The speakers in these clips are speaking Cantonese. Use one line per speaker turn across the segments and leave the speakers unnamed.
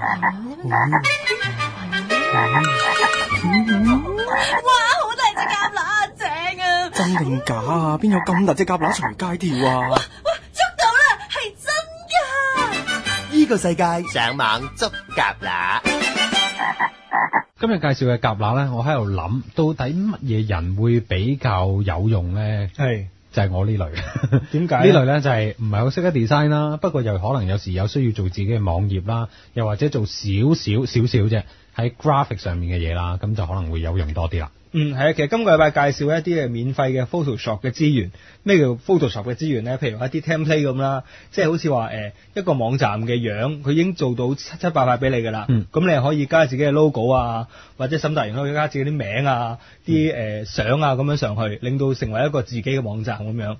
哇！好大隻蛤乸正啊！真定
假啊？邊有咁大隻蛤乸隨街跳啊？哇！捉到啦，係真噶！呢個世界上網捉蛤乸。
今日介紹嘅蛤乸咧，我喺度諗，到底乜嘢人會比較有用咧？係。就係我呢類 為什麼呢？呢類，
點解呢類咧就係
唔係好識得 design 啦，不過又可能有時有需要做自己嘅網頁啦，又或者做少少少少啫喺 graphic 上面嘅嘢啦，咁就可能會有用多啲
啦。嗯，係啊，其實今個禮拜介紹一啲嘅免費嘅 Photoshop 嘅資源，咩叫 Photoshop 嘅資源呢？譬如一啲 template 咁啦，即係好似話誒一個網站嘅樣，佢已經做到七七八八俾你噶啦，咁、嗯、你可以加自己嘅 logo 啊，或者沈大完可以加自己啲名啊、啲誒相啊咁樣上去，令到成為一個自己嘅網站咁樣。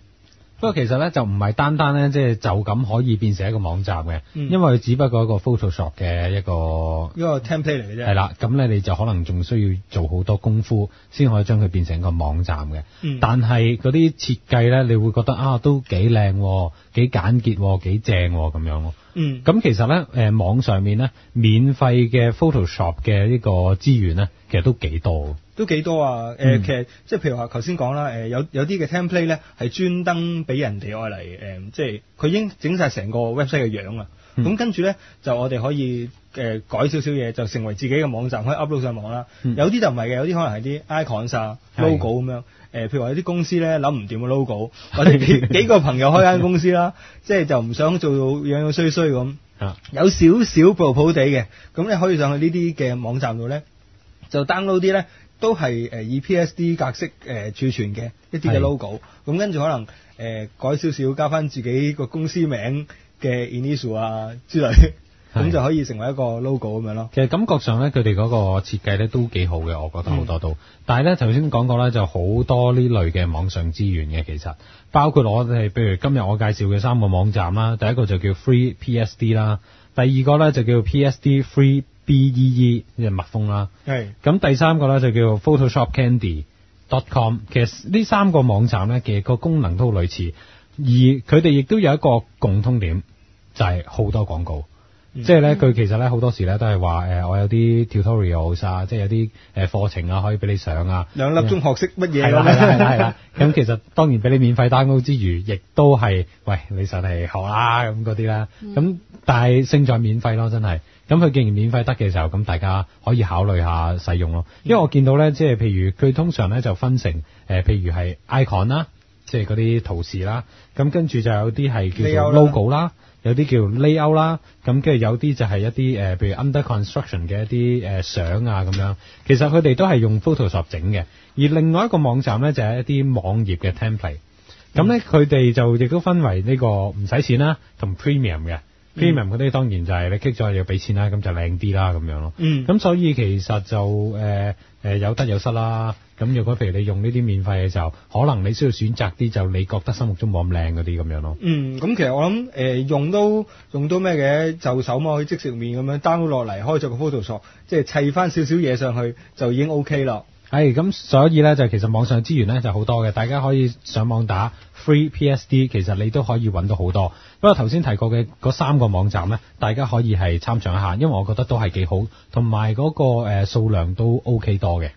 不過
其實咧就唔係單單咧，即係就咁可以變成一個網站嘅，嗯、因為只不過一個 Photoshop 嘅一個
一個 template 嚟嘅啫。係啦，
咁咧你就可能仲需要做好多功夫，先可以將佢變成一個網站嘅。嗯、但係嗰啲設計咧，你會覺得啊，都幾靚，幾簡潔，幾正咁樣。嗯，咁其實咧，誒網上面咧，免費嘅 Photoshop 嘅呢個資源咧，其實都幾多。
都幾多啊？呃嗯、其實即係譬如話頭先講啦，有有啲嘅 template 咧係專登俾人哋愛嚟，即係佢已經整晒成個 website 嘅樣啊。咁、嗯、跟住咧就我哋可以誒、呃、改少少嘢，就成為自己嘅網站可以 upload 上網啦、嗯。有啲就唔係嘅，有啲可能係啲 icon 啊、是的 logo 咁樣。誒、呃，譬如話有啲公司咧諗唔掂嘅 logo，我哋幾個朋友開間公司啦， 即係就唔想做到樣樣衰衰咁。啊、有少少普普地嘅，咁你可以上去呢啲嘅網站度咧，就 download 啲咧。都係誒、以 PSD 格式、呃、儲存嘅一啲嘅 logo，咁跟住可能誒、呃、改少少，加翻自己個公司名嘅 initial 啊之類，咁是的 就可以成為一個 logo 咁樣咯。其
實感覺上咧，佢哋嗰個設計咧都幾好嘅，我覺得好、嗯、多都。但係咧，頭先講過咧，就好多呢類嘅網上資源嘅，其實包括我哋，譬如今日我介紹嘅三個網站啦，第一個就叫 Free PSD 啦，第二個咧就叫 PSD Free。bee 即隻蜜蜂啦，係咁是第三個咧就叫 photoshopcandy.com。其實呢三個網站咧，其實個功能都類似，而佢哋亦都有一個共通點，就係、是、好多廣告。嗯、即係咧，佢、嗯、其實咧好多時咧都係話誒，我有啲 tutorials 啊，即係有啲誒課程啊，可以俾你上啊。兩粒鐘學識乜嘢啦係啦，係為啦。咁其實當然俾你免費 download 之餘，亦都係喂，你想係學啊咁嗰啲啦。咁、嗯、但係勝在免費咯，真係。咁佢既然免費得嘅時候，咁大家可以考慮下使用咯。因為我見到咧，即係譬如佢通常咧就分成，呃、譬如係 icon 啦，即係嗰啲圖示啦。咁跟住就有啲係叫做 logo 啦，有啲叫 layout 啦。咁跟住有啲就係一啲誒，譬如 under construction 嘅一啲、呃、相啊咁樣。其實佢哋都係用 Photoshop 整嘅。而另外一個網站咧就係一啲網頁嘅 template。咁咧佢哋就亦都分為呢個唔使錢啦，同 premium 嘅。Premium 嗰啲當然就係你激咗要俾錢啦，咁就靚啲啦咁樣咯。嗯，咁所以其實就誒誒、呃呃、有得有失啦。咁如果譬如你用呢啲免費嘅時候，可能你需要選擇啲就你覺得心目中冇咁靚嗰啲咁樣咯。嗯，
咁其實我諗誒、呃、用都用到咩嘅，就手嘛可以即食麵咁樣 download 落嚟，開咗個 Photoshop，即係砌翻少少嘢上去就已經 OK 咯。係
咁，所以呢，就其實網上資源呢就好多嘅，大家可以上網打 free PSD，其實你都可以揾到好多。不過頭先提過嘅嗰三個網站呢，大家可以係參詳一下，因為我覺得都係幾好，同埋嗰個數量都 OK 多嘅。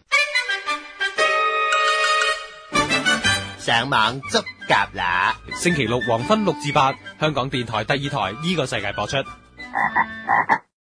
上網捉夾喇！星期
六黃昏六至八，香港電台第二台呢個世界播出。